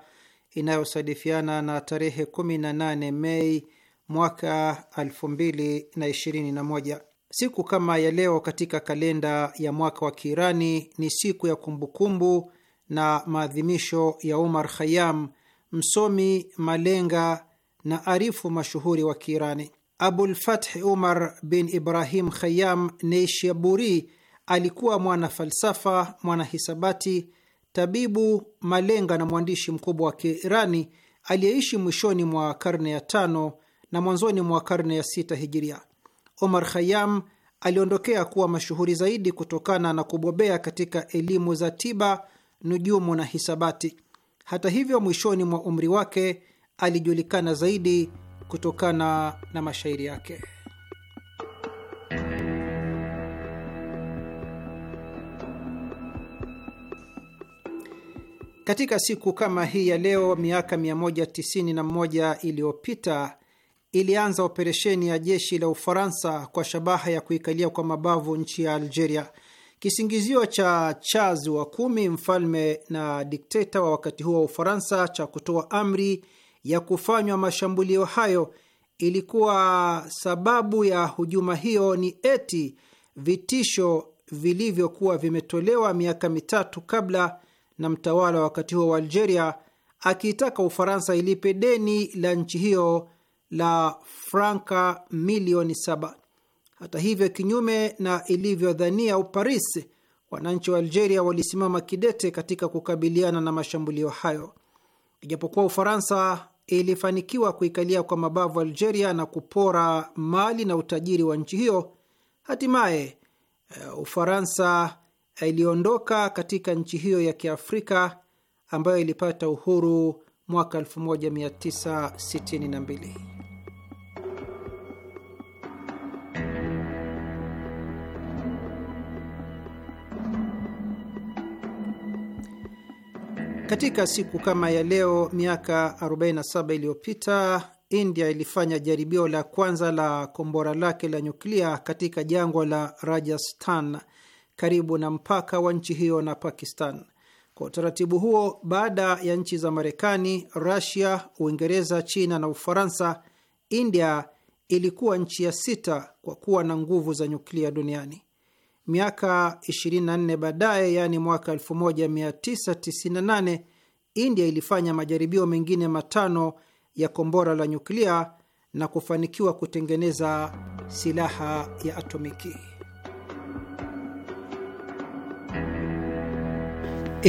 inayosadifiana na tarehe 18 Mei mwaka 2021. Siku kama ya leo katika kalenda ya mwaka wa Kiirani ni siku ya kumbukumbu na maadhimisho ya umar Khayam, msomi malenga na arifu mashuhuri wa Kiirani. Abulfathi Umar bin Ibrahim Khayam Neishiaburi alikuwa mwana falsafa, mwana hisabati, tabibu, malenga na mwandishi mkubwa wa Kiirani aliyeishi mwishoni mwa karne ya tano na mwanzoni mwa karne ya sita hijiria. Omar Khayam aliondokea kuwa mashuhuri zaidi kutokana na kubobea katika elimu za tiba, nujumu na hisabati. Hata hivyo, mwishoni mwa umri wake alijulikana zaidi kutokana na mashairi yake. Katika siku kama hii ya leo miaka 191 iliyopita ilianza operesheni ya jeshi la Ufaransa kwa shabaha ya kuikalia kwa mabavu nchi ya Algeria. Kisingizio cha Charles wa kumi, mfalme na dikteta wa wakati huo wa Ufaransa, cha kutoa amri ya kufanywa mashambulio hayo ilikuwa sababu ya hujuma hiyo ni eti vitisho vilivyokuwa vimetolewa miaka mitatu kabla na mtawala wa wakati huo wa Algeria akiitaka Ufaransa ilipe deni la nchi hiyo la franka milioni saba. Hata hivyo, kinyume na ilivyodhania Uparis, wananchi wa Algeria walisimama kidete katika kukabiliana na mashambulio hayo. Ijapokuwa Ufaransa ilifanikiwa kuikalia kwa mabavu Algeria na kupora mali na utajiri wa nchi hiyo, hatimaye eh, Ufaransa eh, iliondoka katika nchi hiyo ya Kiafrika ambayo ilipata uhuru mwaka 1962. Katika siku kama ya leo miaka 47 iliyopita India ilifanya jaribio la kwanza la kombora lake la nyuklia katika jangwa la Rajasthan karibu na mpaka wa nchi hiyo na Pakistan. Kwa utaratibu huo, baada ya nchi za Marekani, Rusia, Uingereza, China na Ufaransa, India ilikuwa nchi ya sita kwa kuwa na nguvu za nyuklia duniani miaka 24 baadaye, yaani mwaka 1998 India ilifanya majaribio mengine matano ya kombora la nyuklia na kufanikiwa kutengeneza silaha ya atomiki.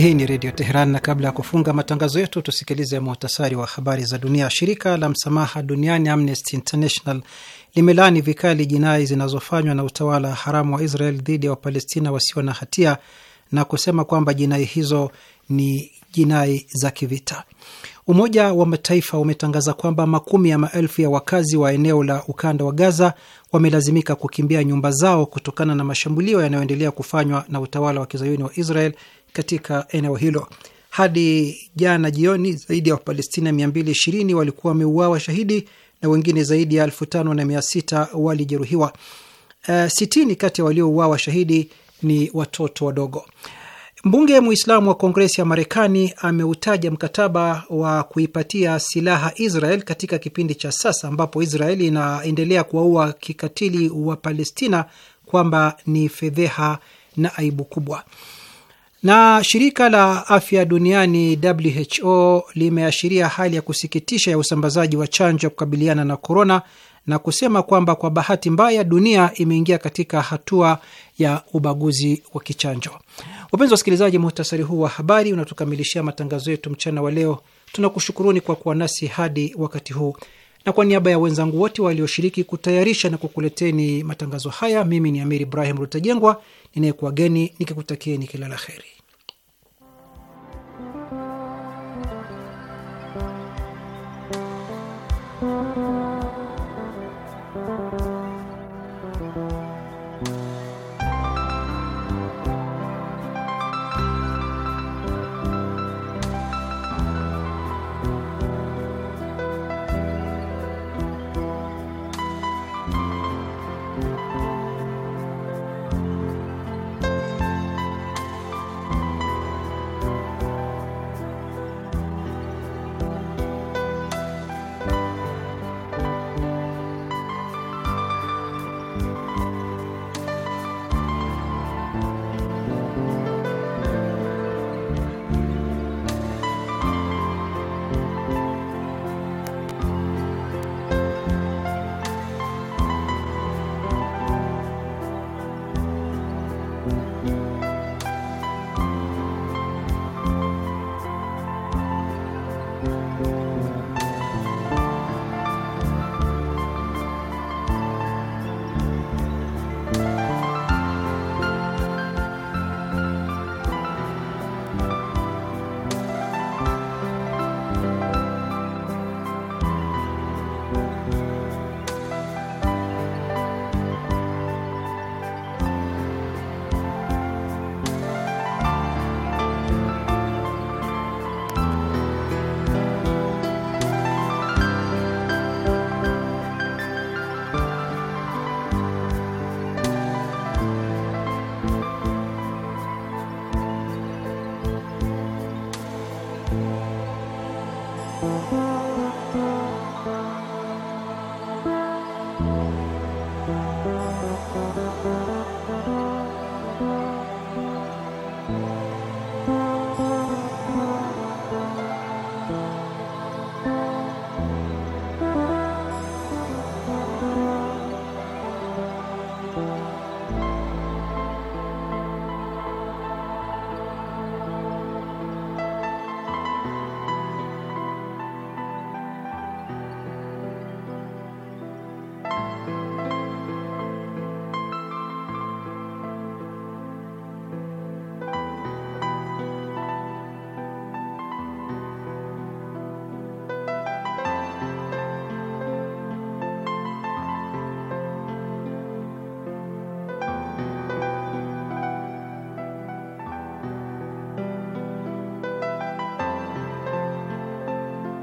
Hii ni Redio Teheran, na kabla ya kufunga matangazo yetu tusikilize muhtasari wa habari za dunia. Shirika la msamaha duniani Amnesty International limelaani vikali jinai zinazofanywa na utawala haramu wa Israel dhidi ya Wapalestina wasio na hatia na kusema kwamba jinai hizo ni jinai za kivita. Umoja wa Mataifa umetangaza kwamba makumi ya maelfu ya wakazi wa eneo la ukanda wa Gaza wamelazimika kukimbia nyumba zao kutokana na mashambulio yanayoendelea kufanywa na utawala wa kizayuni wa Israel katika eneo hilo. Hadi jana jioni, zaidi ya Wapalestina 220 walikuwa wameuawa shahidi na wengine zaidi ya 5600 walijeruhiwa. Uh, sitini kati ya waliouawa shahidi ni watoto wadogo. Mbunge Muislamu wa Kongresi ya Marekani ameutaja mkataba wa kuipatia silaha Israel katika kipindi cha sasa ambapo Israel inaendelea kuwaua kikatili wa Palestina kwamba ni fedheha na aibu kubwa. Na shirika la afya duniani WHO limeashiria hali ya kusikitisha ya usambazaji wa chanjo ya kukabiliana na korona na kusema kwamba kwa bahati mbaya dunia imeingia katika hatua ya ubaguzi wa kichanjo. Wapenzi wasikilizaji, muhtasari huu wa habari unatukamilishia matangazo yetu mchana wa leo. Tunakushukuruni kwa kuwa nasi hadi wakati huu, na kwa niaba ya wenzangu wote walioshiriki kutayarisha na kukuleteni matangazo haya, mimi ni amir Ibrahim Rutajengwa ninayekuwageni nikikutakieni kila la heri.